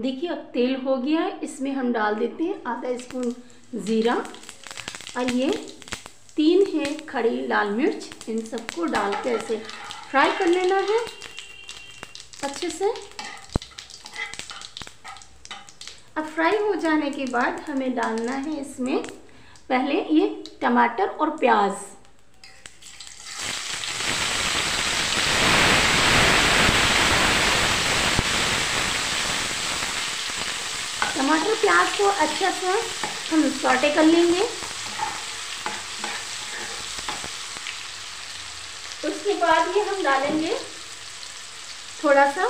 देखिए अब तेल हो गया है इसमें हम डाल देते हैं आधा स्पून ज़ीरा और ये तीन है खड़ी लाल मिर्च इन सबको डाल के ऐसे फ्राई कर लेना है अच्छे से अब फ्राई हो जाने के बाद हमें डालना है इसमें पहले ये टमाटर और प्याज़ टमाटर प्याज को अच्छा सा हम सॉटे कर लेंगे उसके बाद ये हम डालेंगे थोड़ा सा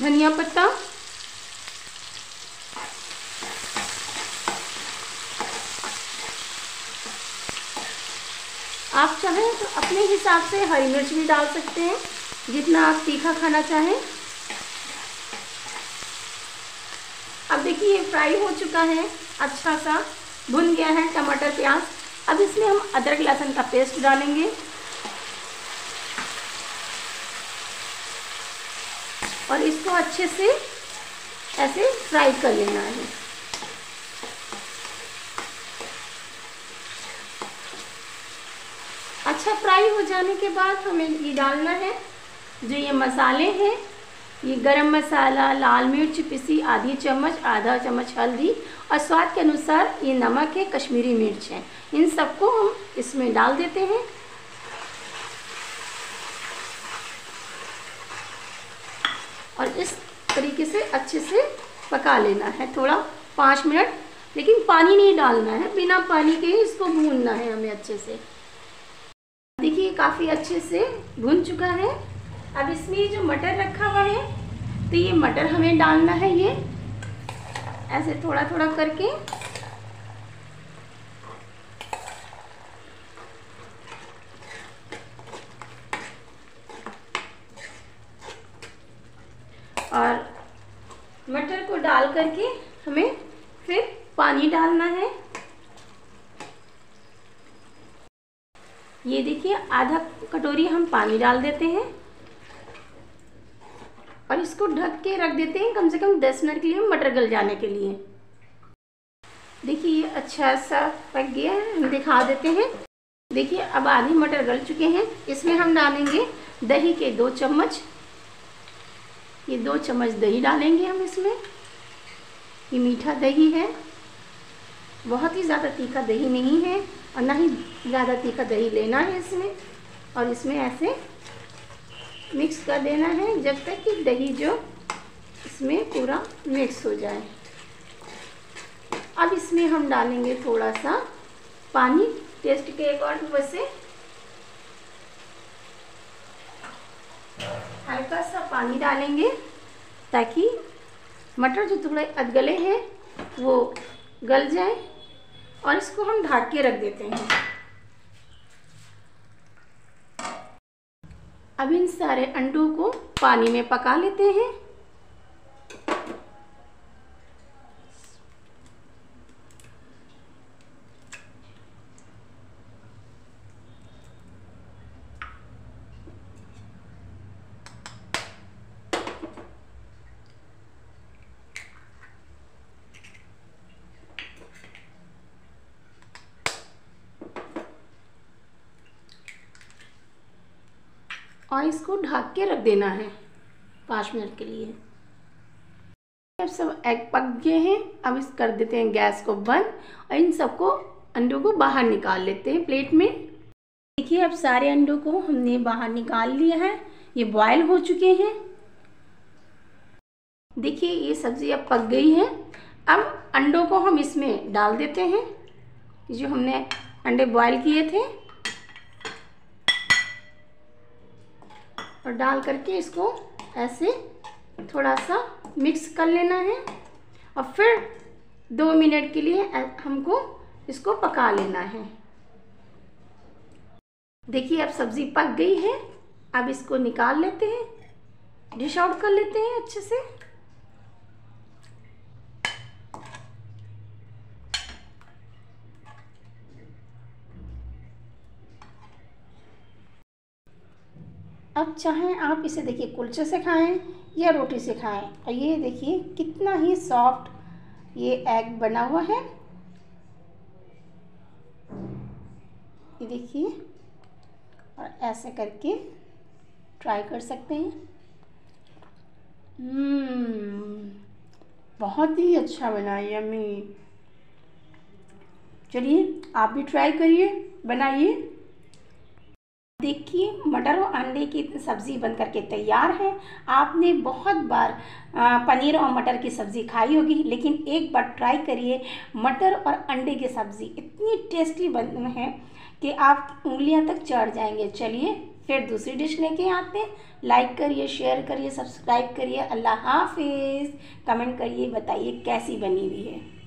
धनिया पत्ता आप चाहें तो अपने हिसाब से हरी मिर्च भी डाल सकते हैं जितना आप तीखा खाना चाहें अब देखिए ये फ्राई हो चुका है अच्छा सा भुन गया है टमाटर प्याज अब इसमें हम अदरक लहसुन का पेस्ट डालेंगे और इसको अच्छे से ऐसे फ्राई कर लेना है अच्छा फ्राई हो जाने के बाद हमें ये डालना है जो ये मसाले हैं ये गरम मसाला लाल मिर्च पिसी आधी चम्मच आधा चम्मच हल्दी और स्वाद के अनुसार ये नमक है कश्मीरी मिर्च है इन सबको हम इसमें डाल देते हैं और इस तरीके से अच्छे से पका लेना है थोड़ा पाँच मिनट लेकिन पानी नहीं डालना है बिना पानी के ही इसको भूनना है हमें अच्छे से देखिए काफ़ी अच्छे से भून चुका है अब इसमें जो मटर रखा हुआ है तो ये मटर हमें डालना है ये ऐसे थोड़ा थोड़ा करके और मटर को डाल करके हमें फिर पानी डालना है ये देखिए आधा कटोरी हम पानी डाल देते हैं और इसको ढक के रख देते हैं कम से कम 10 मिनट के लिए मटर गल जाने के लिए देखिए ये अच्छा सा पक गया है हम दिखा देते हैं देखिए अब आधे मटर गल चुके हैं इसमें हम डालेंगे दही के दो चम्मच ये दो चम्मच दही डालेंगे हम इसमें ये मीठा दही है बहुत ही ज़्यादा तीखा दही नहीं है और ना ही ज़्यादा तीखा दही लेना है इसमें और इसमें ऐसे मिक्स कर देना है जब तक कि दही जो इसमें पूरा मिक्स हो जाए अब इसमें हम डालेंगे थोड़ा सा पानी टेस्ट के अकॉर्डिंग वैसे हल्का सा पानी डालेंगे ताकि मटर जो थोड़े अदगले हैं वो गल जाए और इसको हम ढाक के रख देते हैं अब इन सारे अंडों को पानी में पका लेते हैं और इसको ढक के रख देना है पाँच मिनट के लिए अब सब एग पक गए हैं अब इस कर देते हैं गैस को बंद और इन सबको अंडों को बाहर निकाल लेते हैं प्लेट में देखिए अब सारे अंडों को हमने बाहर निकाल लिया है ये बॉयल हो चुके हैं देखिए ये सब्ज़ी अब पक गई है अब अंडों को हम इसमें डाल देते हैं जो हमने अंडे बॉयल किए थे और डाल करके इसको ऐसे थोड़ा सा मिक्स कर लेना है और फिर दो मिनट के लिए हमको इसको पका लेना है देखिए अब सब्ज़ी पक गई है अब इसको निकाल लेते हैं डिश आउट कर लेते हैं अच्छे से अब चाहें आप इसे देखिए कुलचे से खाएं या रोटी से खाएं और ये देखिए कितना ही सॉफ्ट ये एग बना हुआ है ये देखिए और ऐसे करके ट्राई कर सकते हैं हम्म, बहुत ही अच्छा बना यम्मी चलिए आप भी ट्राई करिए बनाइए देखिए मटर और अंडे की सब्ज़ी बनकर के तैयार है आपने बहुत बार पनीर और मटर की सब्ज़ी खाई होगी लेकिन एक बार ट्राई करिए मटर और अंडे की सब्ज़ी इतनी टेस्टी बन है कि आप उंगलियां तक चढ़ जाएंगे चलिए फिर दूसरी डिश लेके आते हैं लाइक करिए शेयर करिए सब्सक्राइब करिए अल्लाह हाफिज़ कमेंट करिए बताइए कैसी बनी हुई है